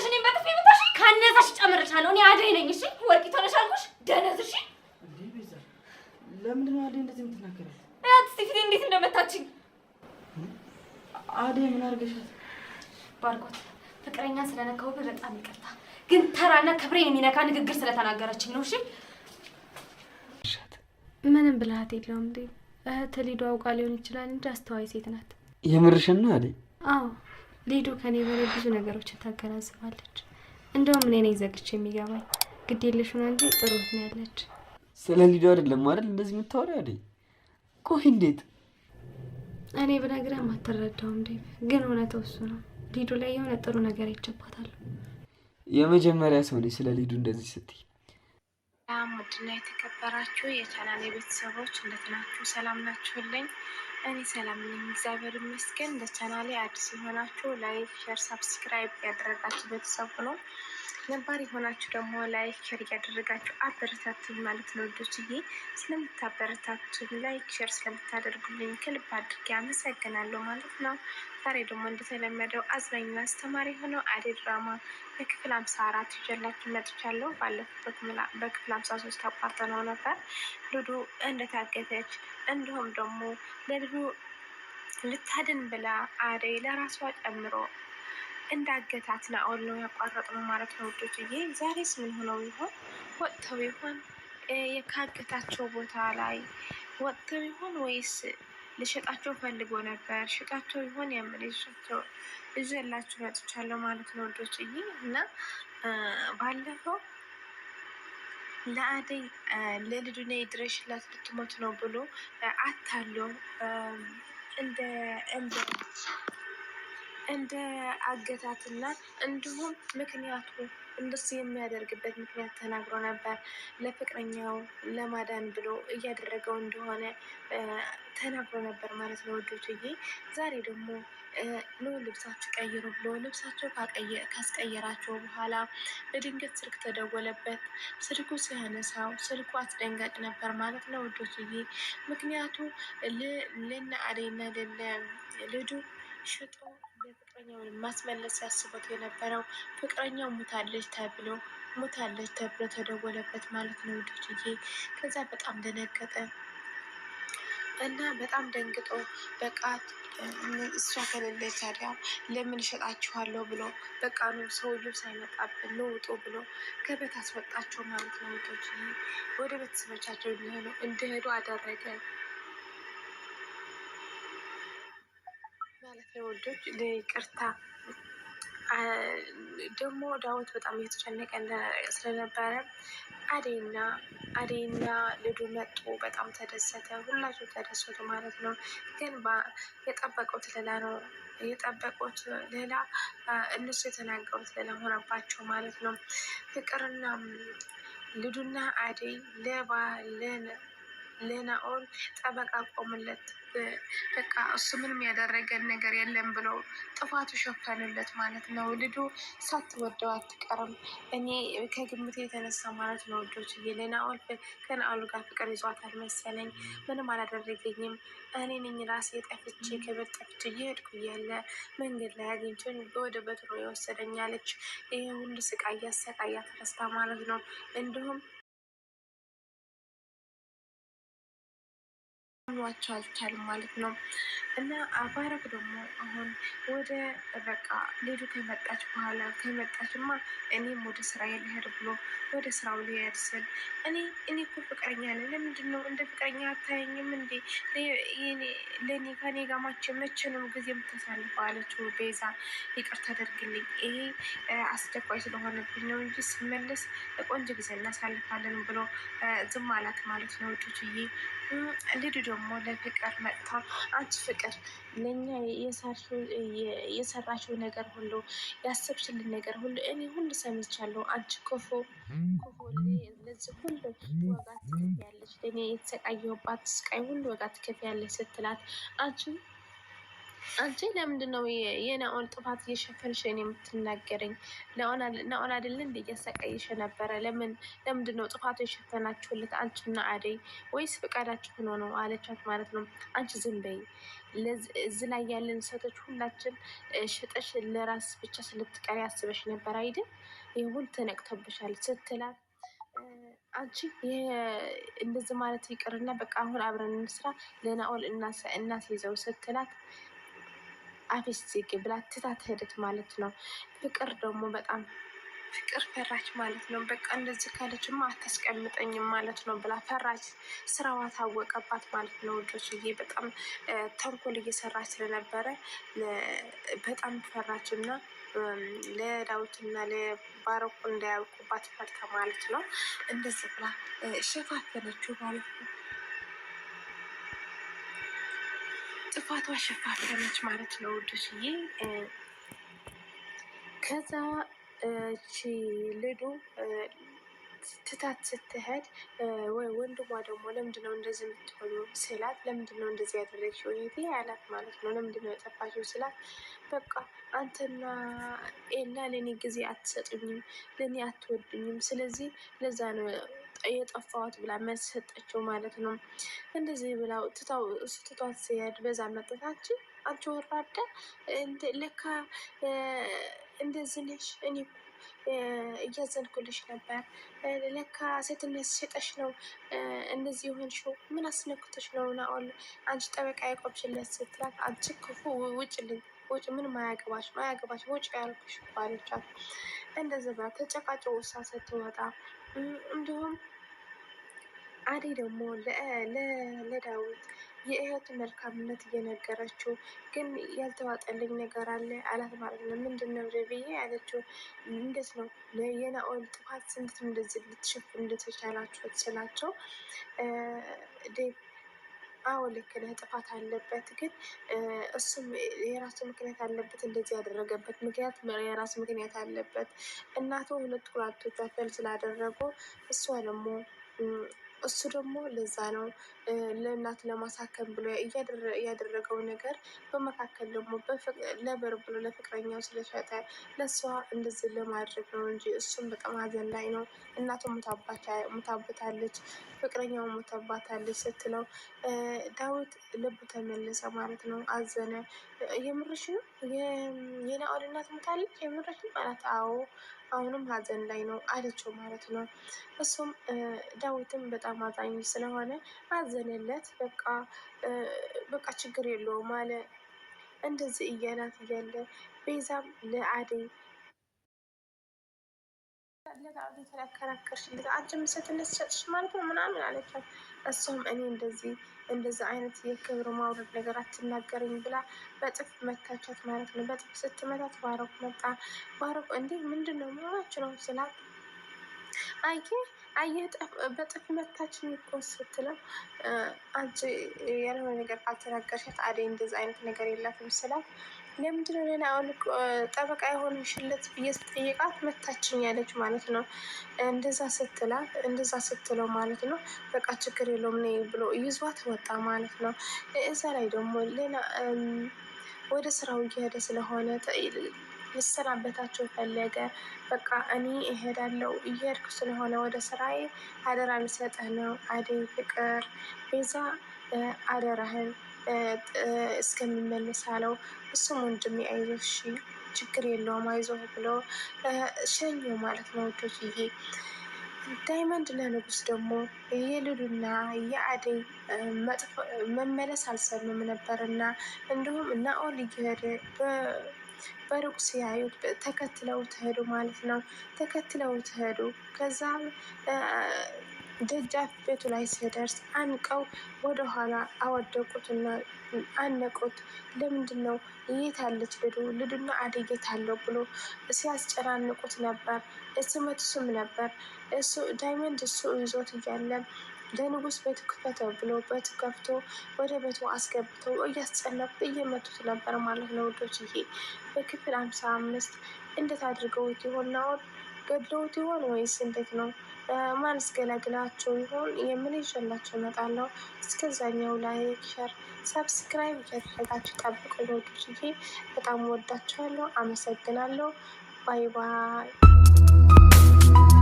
ብለሽ እኔም በጥፊ ብታሽ ካነሳሽ ጨምርሻለሁ። እኔ አደይ ነኝ። እሺ ወርቂ ተነሽ አልኩሽ። ደነዝ እሺ። ለምንድን ነው አደይ እንደዚህ የምትናገሪው? አት ሲፊት እንዴት እንደመታችኝ አደይ ምን አድርገሻት? ባርኮት ፍቅረኛ ስለነካው በጣም ይቅርታ፣ ግን ተራና ክብሬ የሚነካ ንግግር ስለተናገረችኝ ነው። እሺ ምንም ብልሃት የለውም እንዴ እህት ሊዶ አውቃ ሊሆን ይችላል እንጂ አስተዋይ ሴት ናት። የምርሽን አዎ ሊዱ ከኔ በላይ ብዙ ነገሮችን ታገናዝባለች። እንደውም እኔ ነኝ ዘግቼ የሚገባኝ ግድ ሆና እንጂ ጥሩት ነው ያለች። ስለ ሊዱ አይደለም አይደል እንደዚህ የምታወሪ አይደል? ቆይ እንዴት እኔ ብነግርህ አትረዳውም። እንዴ ግን እውነታው እሱ ነው። ሊዱ ላይ የሆነ ጥሩ ነገር ይችባታል። የመጀመሪያ ሰው ነኝ ስለ ሊዱ እንደዚህ ስትይ። ውድና የተከበራችሁ የቻናሌ ቤተሰቦች እንዴት ናችሁ? ሰላም ናችሁልኝ? እኔ ሰላም ነኝ፣ እግዚአብሔር ይመስገን። ለቻናሌ አዲስ የሆናችሁ ላይክ፣ ሸር፣ ሰብስክራይብ ያደረጋችሁ ቤተሰቡ ነው። ነባር የሆናችሁ ደግሞ ላይክ ሸር እያደረጋችሁ አበረታቱኝ ማለት ነው። ዶችዬ ስለምታበረታቱኝ ላይክ ሸር ስለምታደርጉልኝ ከልብ አድርጌ አመሰግናለሁ ማለት ነው። ዛሬ ደግሞ እንደተለመደው አዝናኝና አስተማሪ የሆነው አደይ ድራማ በክፍል አምሳ አራት ይዤላችሁ መጥቻለሁ። ባለፉበት በክፍል አምሳ ሶስት አቋርጠነው ነበር። ልዱ እንደታገተች እንዲሁም ደግሞ ለልዱ ልታድን ብላ አደይ ለራሷ ጨምሮ እንዳገታት ናኦል ነው ያቋረጥነው ማለት ነው ውዶችዬ። ዛሬስ ምን ሆነው ይሆን? ወጥተው ይሆን? የካገታቸው ቦታ ላይ ወጥተው ይሆን ወይስ ልሸጣቸው ፈልጎ ነበር። ሽጣቸው ይሆን ያምር እዚ ያላችሁ ያጥቻለሁ ማለት ነው ወዶች እይ እና ባለፈው ለአደይ ለልዱና የድረሽላት ልትሞት ነው ብሎ አታለው እንደ እንደ እንደ አገታትና እንዲሁም ምክንያቱ እንደሱ የሚያደርግበት ምክንያት ተናግሮ ነበር። ለፍቅረኛው ለማዳን ብሎ እያደረገው እንደሆነ ተናግሮ ነበር ማለት ነው። ወዶችዬ ዛሬ ደግሞ ሎ ልብሳችሁ ቀይሩ ብሎ ልብሳቸው ካስቀየራቸው በኋላ በድንገት ስልክ ተደወለበት። ስልኩ ሲያነሳው ስልኩ አስደንጋጭ ነበር ማለት ነው ወዶችዬ ምክንያቱ ልና አደይና ልዱ ሽጦ ለፍቅረኛውን ማስመለስ ያስቦት የነበረው ፍቅረኛው ሙታለች ተብሎ ሙታለች ተብሎ ተደወለበት ማለት ነው ውዶችዬ። ከዛ በጣም ደነገጠ እና በጣም ደንግጦ በቃ እሷ ከሌለች ታዲያ ለምን እሸጣችኋለሁ ብሎ በቃ ነው ሰውዬው ሳይመጣብን ልውጡ ብሎ ከቤት አስወጣቸው ማለት ነው ውዶችዬ። ወደ ቤተሰቦቻቸው እንዲሄዱ አደረገ። ለወዶች ለይቅርታ ደግሞ ዳዊት በጣም እየተጨነቀ ስለነበረ አደይና አደይና ልዱ መጡ። በጣም ተደሰተ። ሁላቸው ተደሰቱ ማለት ነው። ግን የጠበቁት ሌላ ነው። የጠበቁት ሌላ፣ እነሱ የተናገሩት ሌላ ሆነባቸው ማለት ነው። ፍቅርና ልዱና አደይ ለባ ለናኦል ጠበቃ ቆምለት። በቃ እሱ ምንም ያደረገን ነገር የለም ብሎ ጥፋቱ ሸፈንለት ማለት ነው። ልዱ ሳትወደው አትቀርም። እኔ ከግምት የተነሳ ማለት ነው ወዶች ለናኦል ከናኦል ጋር ፍቅር ይዟታል መሰለኝ። ምንም አላደረገኝም እኔ ነኝ ራሴ ጠፍቼ ከቤት ጠፍቼ እየሄድኩ እያለ መንገድ ላይ አግኝቶኝ ወደ በትሮ የወሰደኛለች። ይህ ሁሉ ስቃይ እያሰቃያት ተነስታ ማለት ነው እንዲሁም ሆኗቸው አልቻልም ማለት ነው። እና አባረግ ደግሞ አሁን ወደ በቃ ልጁ ከመጣች በኋላ ከመጣችማ እኔም ወደ ስራ ልሄድ ብሎ ወደ ስራው ሊሄድ ስል እኔ እኔ እኮ ፍቅረኛ ነን፣ ለምንድን ነው እንደ ፍቅረኛ አታየኝም እንዴ? ለእኔ ከኔ ጋር መቼ ነው ጊዜ የምታሳልፈው አለችው ቤዛ። ይቅርታ አደርግልኝ ይሄ አስቸኳይ ስለሆነብኝ ነው እንጂ ስመለስ ቆንጆ ጊዜ እናሳልፋለን ብሎ ዝም አላት ማለት ነው። ይ ልጁ ደግሞ ደግሞ ለፍቅር መጥታ አንቺ ፍቅር ለእኛ የሰራችው ነገር ሁሉ ያሰብሽልን ነገር ሁሉ እኔ ሁሉ ሰምቻለሁ። አንቺ ክፉ ክፉ ለዚህ ሁሉ ወጋ ትከፍያለች፣ ለእኔ የተሰቃየሁባት ስቃይ ሁሉ ወጋ ትከፍያለች ስትላት አንቺ አንቺ ለምንድን ነው የናኦል ጥፋት እየሸፈንሽን የምትናገረኝ? ናኦል አይደለ እንደ እያሰቃየሽ ነበረ። ለምን ለምንድን ነው ጥፋቱ የሸፈናችሁለት አንቺና አደይ ወይስ ፍቃዳችሁ ሆኖ ነው አለቻት ማለት ነው። አንቺ ዝም በይ። እዚህ ላይ ያለን ሴቶች ሁላችን ሽጠሽ ለራስ ብቻ ስልትቀሪ አስበሽ ነበር አይደል? ይሁን ተነቅቶብሻል ስትላት አንቺ እንደዚህ ማለት ይቅርና በቃ አሁን አብረን እንስራ ለናኦል እናስይዘው ስትላት አቤስጌ ብላ ትታት ማለት ነው። ፍቅር ደግሞ በጣም ፍቅር ፈራች ማለት ነው። በቃ እንደዚህ ካለችማ አታስቀምጠኝም ማለት ነው ብላ ፈራች። ስራዋ ታወቀባት ማለት ነው። ዬ በጣም ተንኮል እየሰራች ስለነበረ በጣም ፈራች እና ለዳዊትና ለባረቁ እንዳያውቁባት ፈርታ ማለት ነው እንደዚህ ብላ ሸፋፈነችው ማለት ነው። ጥፋቷ ሸፋፈነች ማለት ነው ውዱስዬ። ከዛ እቺ ልዱ ትታት ስትሄድ ወንድሟ ደግሞ ለምንድነው እንደዚህ የምትሆኑ ስላት፣ ለምንድነው እንደዚህ ያደረግሽው ይሄ አላት ማለት ነው። ነው የጠፋሽው ስላት፣ በቃ አንተና ኤላ ለእኔ ጊዜ አትሰጡኝም፣ ለእኔ አትወዱኝም፣ ስለዚህ ለዛ ነው የጠፋዋት ብላ መሰጠችው ማለት ነው። እንደዚህ ብላው ብላ ስትቷት ሲሄድ በዛ መጠታች አንቺ ወራዳ ለካ እንደዚህ ነሽ፣ እኔ እያዘንኩልሽ ነበር። ለካ ሴትነት ሸጠሽ ነው እንደዚህ የሆንሽው። ምን አስነክቶሽ ነው ናኦል አንቺ ጠበቃ የቆምሽለት ስትላት፣ አንቺ ክፉ ውጭልኝ፣ ውጭ፣ ምን አያገባሽ፣ አያገባሽ ውጭ ያልኩሽ ባለቻት እንደዛ ብላ ተጨቃጭቃ ውሳ ስትወጣ እንዲሁም አዴ ደግሞ ለዳዊት የእህቱ መልካምነት እየነገረችው ግን ያልተዋጠልኝ ነገር አለ አላት ማለት ነው። ምንድን ነው ብዬ ያለችው እንዴት ነው የናኦል ጥፋት ስንት እንደዚህ ልትሸፍ እንደተቻላቸው ስላቸው አዎ ልክ ነህ፣ ጥፋት አለበት። ግን እሱም የራሱ ምክንያት አለበት፣ እንደዚህ ያደረገበት ምክንያት የራሱ ምክንያት አለበት። እናቱ ሁለት ኩራቶች ስላደረጉ እሷ ደግሞ እሱ ደግሞ ለዛ ነው ለእናት ለማሳከም ብሎ ያደረገው ነገር በመካከል ደግሞ ለበር ብሎ ለፍቅረኛው ስለሸጠ ለእሷ እንደዚህ ለማድረግ ነው እንጂ እሱም በጣም ሀዘን ላይ ነው። እናቱ ሙታበታለች፣ ፍቅረኛው ሙታባታለች ስትለው ዳዊት ልቡ ተመለሰ ማለት ነው። አዘነ። የምርሽ ነው የናኦል እናት ሙታለች፣ የምርሽ ነው ማለት አዎ፣ አሁንም ሀዘን ላይ ነው አለችው ማለት ነው። እሱም ዳዊትም በጣም አዛኝ ስለሆነ አዘ ስለሌለት በቃ በቃ ችግር የለውም አለ። እንደዚህ እያላት እያለ ቤዛም ለአደይ ለአደይ ተከራከርሽ እንደ አንቺ ምስክርነት ትሰጥሽ ማለት ነው ምናምን አለቻት። እሷም እኔ እንደዚህ እንደዚህ አይነት የክብር ማውረድ ነገር አትናገርኝ ብላ በጥፍ መታቻት ማለት ነው። በጥፍ ስትመታት ባረኩ መጣ። ባረኩ እንዴ ምንድን ነው ምናችሁ ነው ስላት አየ አየ በጥፍ መታች የሚቆስ ስትለው አንቺ ያልሆነ ነገር ካልተናገርሻት አደይ እንደዚ አይነት ነገር የላትም ስላት ለምንድነው ለእኔ አሁን ጠበቃ ሽለት ብዬ ስጠይቃት መታችኝ ያለች ማለት ነው። እንደዛ ስትላት እንደዛ ስትለው ማለት ነው በቃ ችግር የለውም ነይ ብሎ ይዟት ወጣ ማለት ነው። እዛ ላይ ደግሞ ሌላ ወደ ስራው እየሄደ ስለሆነ ልሰናበታቸው ፈለገ። በቃ እኔ እሄዳለሁ፣ እየሄድኩ ስለሆነ ወደ ስራዬ አደራ ልሰጥህ ነው። አደይ ፍቅር ቤዛ አደራህን እስከሚመለስ አለው። እሱም ወንድሜ አይዞሽ፣ ችግር የለውም አይዞህ ብሎ ሸኞ ማለት ነው ይሄ ዳይመንድ ለንጉስ ደግሞ የልዱና የአደይ መመለስ አልሰምም ነበር እና እንዲሁም ናኦል እየሄደ በሩቅ ሲያዩት ተከትለው ትሄዱ ማለት ነው። ተከትለው ትሄዱ ከዛም ደጃፍ ቤቱ ላይ ሲደርስ አንቀው ወደኋላ አወደቁትና አነቁት። ለምንድን ነው አለች ልዱ ልዱና አደይ አለው ብሎ ሲያስጨናንቁት ነበር። ስመት መትሱም ነበር እሱ ዳይመንድ እሱ ይዞት እያለም ለንጉሥ ቤቱ ክፈተው በት ከፍቶ ወደ ቤቱ አስገብተው እያስጨነቁ እየመቱት ነበር ማለት ነው ውዶች። ይሄ በክፍል አምሳ አምስት እንዴት አድርገውት ይሆን ናሆን ገድለውት ይሆን ወይስ እንዴት ነው? ማንስ ገላግላቸው ይሆን? የምን ይዤላቸው እመጣለሁ። እስከዛኛው ላይክ፣ ሸር፣ ሰብስክራይብ እያደረጋችሁ ጠብቁ ይሄ በጣም ወዳችኋለሁ። አመሰግናለሁ። ባይ ባይ።